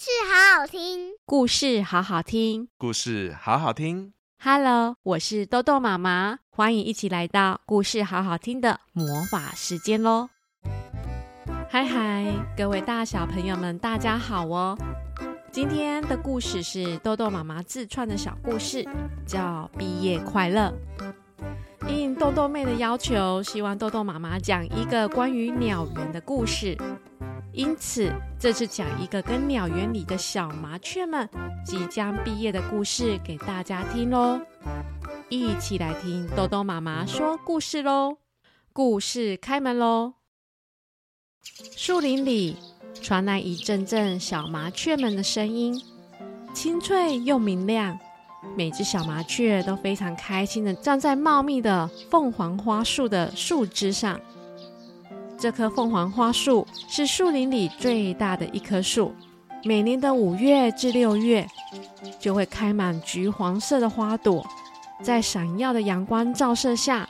好好故事好好聽，故事好好聽，故事好好聽。Hello，我是豆豆媽媽，歡迎一起來到故事好好聽的魔法時間嘍！嗨嗨，各位大小朋友們，大家好哦！今天的故事是豆豆媽媽自創的小故事，叫《畢業快樂》。應豆豆妹的要求，希望豆豆媽媽講一個關於鳥園的故事。因此，這次講一個跟鳥園裡的小麻雀們即將畢業的故事給大家聽咯。一起來聽荳荳媽媽說故事咯。故事開門咯。樹林裡傳來一陣陣小麻雀們的聲音，清脆又明亮。每隻小麻雀都非常開心地站在茂密的鳳凰花樹的樹枝上。這棵鳳凰花樹是樹林裡最大的一棵樹，每年的五月至六月就會開滿橘黃色的花朵，在閃耀的陽光照射下，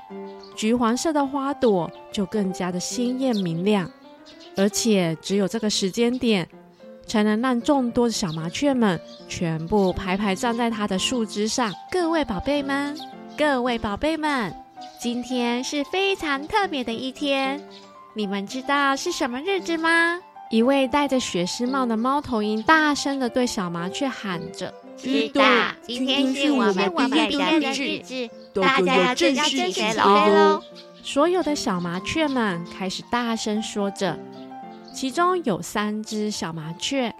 橘黃色的花朵就更加的鮮豔明亮，而且只有這個時間點才能讓眾多的小麻雀們全部排排站在它的樹枝上。各位寶貝們，各位寶貝們，今天是非常特別的一天。你們知道是什麼日子嗎？一位戴着學士帽的貓頭鷹大聲地對小麻雀喊着：“知道今天是我們畢業的日子，大家要珍惜哦！”所有的小麻雀們開始大聲說着，其中有三隻小麻雀：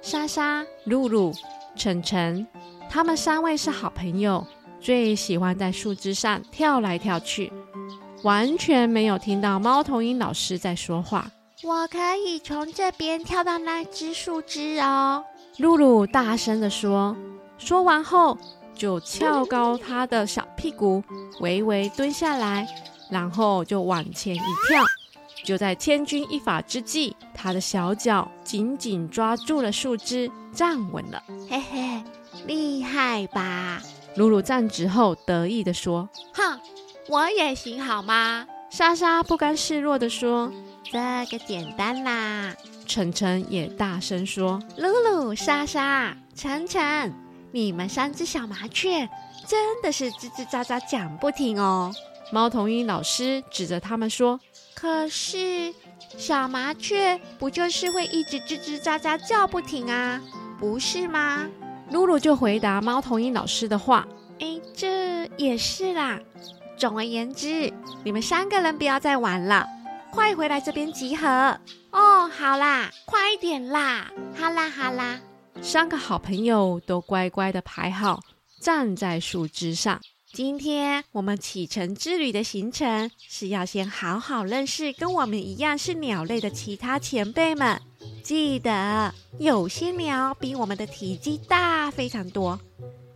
莎莎、露露、晨晨。他們三位是好朋友，最喜歡在樹枝上跳來跳去。完全沒有聽到貓頭鷹老師在說話。我可以從這邊跳到那隻樹枝哦，露露大聲地說。說完後，就翹高他的小屁股，微微蹲下來，然後就往前一跳。就在千鈞一髮之際，他的小腳緊緊抓住了樹枝，站穩了。嘿嘿，厲害吧？露露站直後得意地說：“哈。”我也行，好嗎？莎莎不甘示弱地說：“這個簡單啦。”晨晨也大聲說：“露露，莎莎，晨晨，你們三隻小麻雀真的是吱吱喳喳講不停哦！”貓頭鷹老師指着他們說：“可是，小麻雀不就是會一直吱吱喳喳叫不停啊？不是嗎？”嗯、露露就回答貓頭鷹老師的話：“誒，這也是啦。”總而言之，你們三個人不要再玩了，快回來這邊集合哦！好啦，快點啦！好啦，好啦，三個好朋友都乖乖地排好，站在樹枝上。今天我們啟程之旅的行程是要先好好認識跟我們一樣是鳥類的其他前輩們。記得，有些鳥比我們的體積大非常多。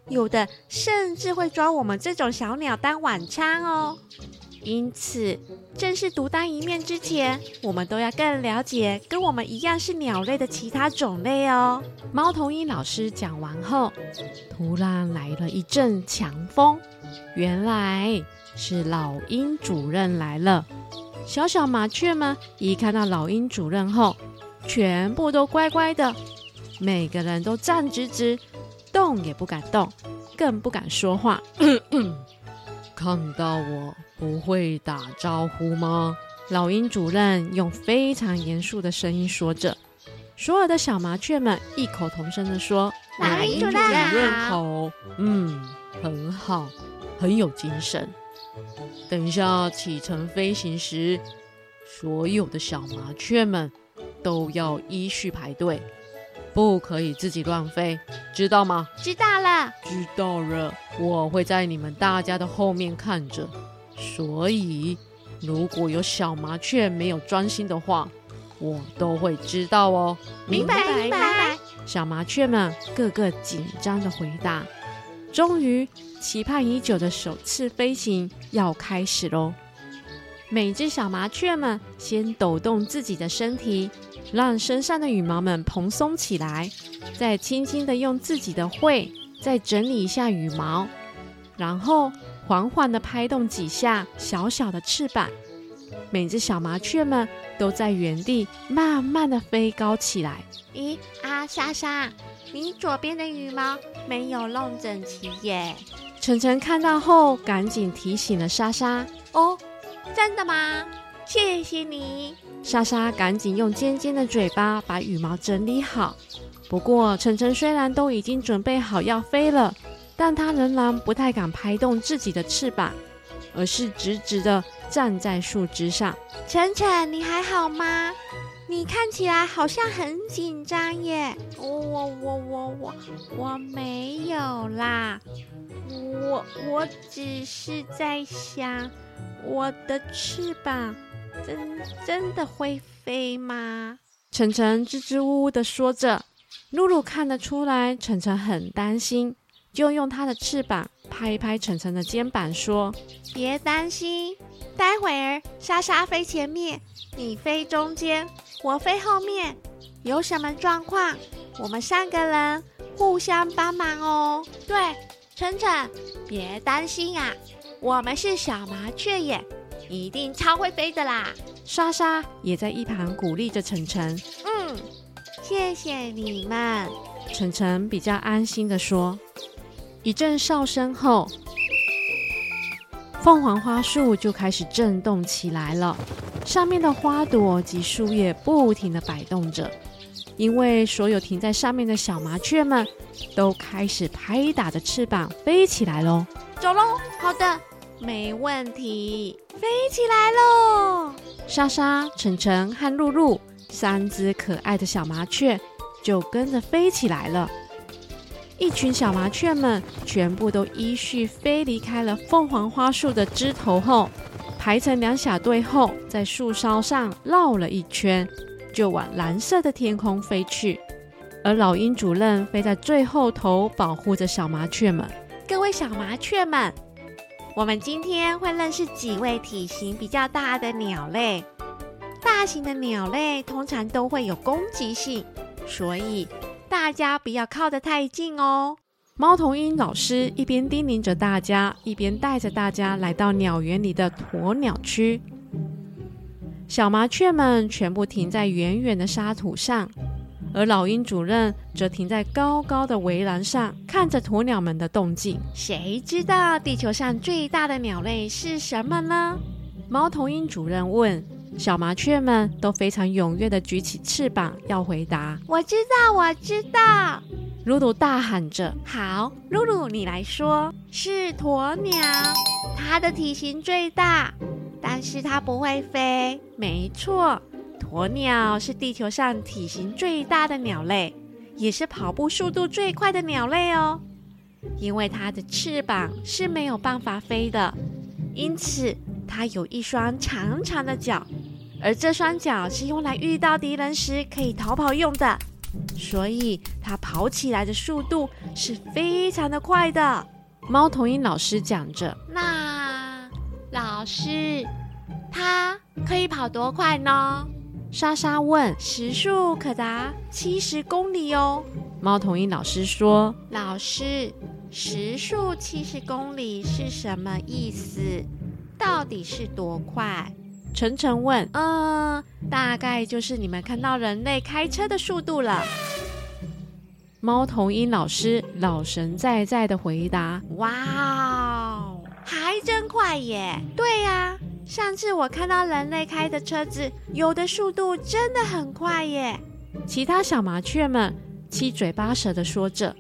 有的甚至會抓我們這種小鳥當晚餐哦，因此，正式獨當一面之前，我們都要更了解跟我們一樣是鳥類的其他種類哦。貓頭鷹老師講完後，突然來了一陣強風，原來是老鷹主任來了。小小麻雀們一看到老鷹主任後，全部都乖乖的，每個人都站直直。動也不敢動，更不敢說話。咳咳，看到我不會打招呼嗎？老鷹主任用非常嚴肅的聲音說着。所有的小麻雀們異口同聲的說：“老鷹主任好。”嗯，很好，很有精神。等一下啟程飛行時，所有的小麻雀們都要依序排隊。不可以自己亂飛，知道嗎？知道了，知道了。我會在你們大家的後面看着，所以如果有小麻雀沒有專心的話，我都會知道哦。明白，明白。明白。小麻雀們個個緊張的回答。終於，期盼已久的首次飛行要開始嘍。每隻小麻雀們先抖動自己的身體。讓身上的羽毛們蓬鬆起來，再輕輕地用自己的喙再整理一下羽毛，然後緩緩地拍動幾下小小的翅膀。每只小麻雀們都在原地慢慢地飛高起來。咦，阿、啊、莎莎，你左邊的羽毛沒有弄整齊耶？岑岑看到後趕緊提醒了莎莎。哦，真的嗎？謝謝你。莎莎趕緊用尖尖的嘴巴把羽毛整理好。不過岑岑雖然都已經準備好要飛了，但他仍然不太敢拍動自己的翅膀，而是直直地站在樹枝上。岑岑，你還好嗎？你看起來好像很緊張耶。我我我我我我沒有啦，我我只是在想我的翅膀。真真的會飛嗎？岑岑支支吾吾地說着。露露看得出來岑岑很擔心，就用它的翅膀拍一拍岑岑的肩膀，說：“別擔心，待會兒莎莎飛前面，你飛中間，我飛後面。有什麼狀況，我們三個人互相幫忙哦。”對，岑岑，別擔心啊，我們是小麻雀耶。一定超會飛的啦！莎莎也在一旁鼓勵着岑岑。嗯，謝謝你們。岑岑比較安心地說。一陣哨聲後，鳳凰花樹就開始震動起來了，上面的花朵及樹葉不停地擺動着，因為所有停在上面的小麻雀們都開始拍打着翅膀飛起來嘍。走嘍！好的。沒問題，飛起來嘍！莎莎、岑岑和露露三隻可愛的小麻雀就跟着飛起來了。一群小麻雀們全部都依序飛離開了鳳凰花樹的枝頭後，排成兩小隊後，在樹梢上繞了一圈，就往藍色的天空飛去。而老鷹主任飛在最後頭，保護着小麻雀們。各位小麻雀們。我們今天會認識幾位體型比較大的鳥類。大型的鳥類通常都會有攻擊性，所以大家不要靠得太近哦。貓頭鷹老師一邊叮嚀着大家，一邊帶着大家來到鳥園裡的鴕鳥區。小麻雀們全部停在遠遠的沙土上。而老鷹主任則停在高高的圍欄上，看着鴕鳥們的動靜。誰知道地球上最大的鳥類是什麼呢？貓頭鷹主任問。小麻雀們都非常踴躍地舉起翅膀要回答。我知道，我知道！露露大喊着。好，露露你來說。是鴕鳥，它的體型最大，但是它不會飛。沒錯。鴕鳥是地球上體型最大的鳥類，也是跑步速度最快的鳥類哦。因為它的翅膀是沒有辦法飛的，因此它有一雙長長的腳，而這雙腳是用來遇到敵人時可以逃跑用的。所以它跑起來的速度是非常的快的。貓頭鷹老師講着：“那老師，它可以跑多快呢？”莎莎問：“時速可達七十公里哦。”貓頭鷹老師說：“老師，時速七十公里是什麼意思？到底是多快？”岑岑問：“嗯、呃，大概就是你們看到人類開車的速度了。”貓頭鷹老師老神在在的回答：“哇哦，還真快耶！”對呀、啊。上次我看到人類開的車子，有的速度真的很快耶！其他小麻雀們七嘴八舌的說着，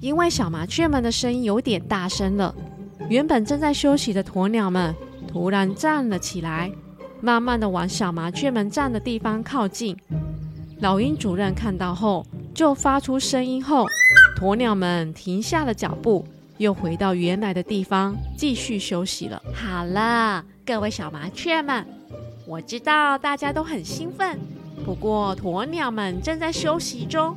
因為小麻雀們的聲音有點大聲了，原本正在休息的鴕鳥們突然站了起來，慢慢的往小麻雀們站的地方靠近。老鷹主任看到後就發出聲音後，鴕鳥們停下了腳步。又回到原來的地方，繼續休息了。好了，各位小麻雀們，我知道大家都很興奮，不過鴕鳥們正在休息中，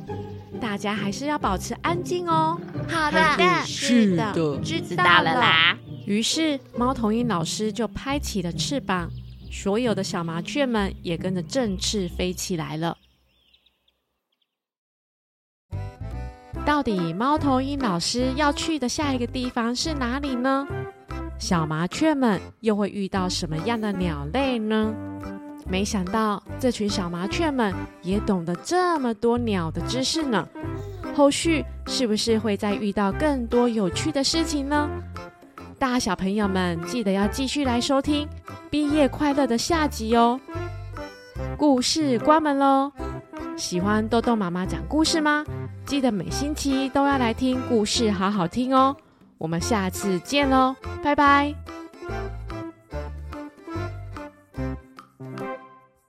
大家還是要保持安靜哦。好的，是的，是的，知道了，知道了啦。於是貓頭鷹老師就拍起了翅膀，所有的小麻雀們也跟着振翅飛起來了。到底貓頭鷹老師要去的下一個地方是哪裡呢？小麻雀們又會遇到什麼樣的鳥類呢？沒想到這群小麻雀們也懂得這麼多鳥的知識呢。後續是不是會再遇到更多有趣的事情呢？大小朋友們，記得要繼續來收聽《畢業快樂》的下集哦。故事關門嘍。喜歡豆豆媽媽講故事嗎？記得每星期都要來聽故事，好好聽哦。我們下次見嘍，哦，拜拜。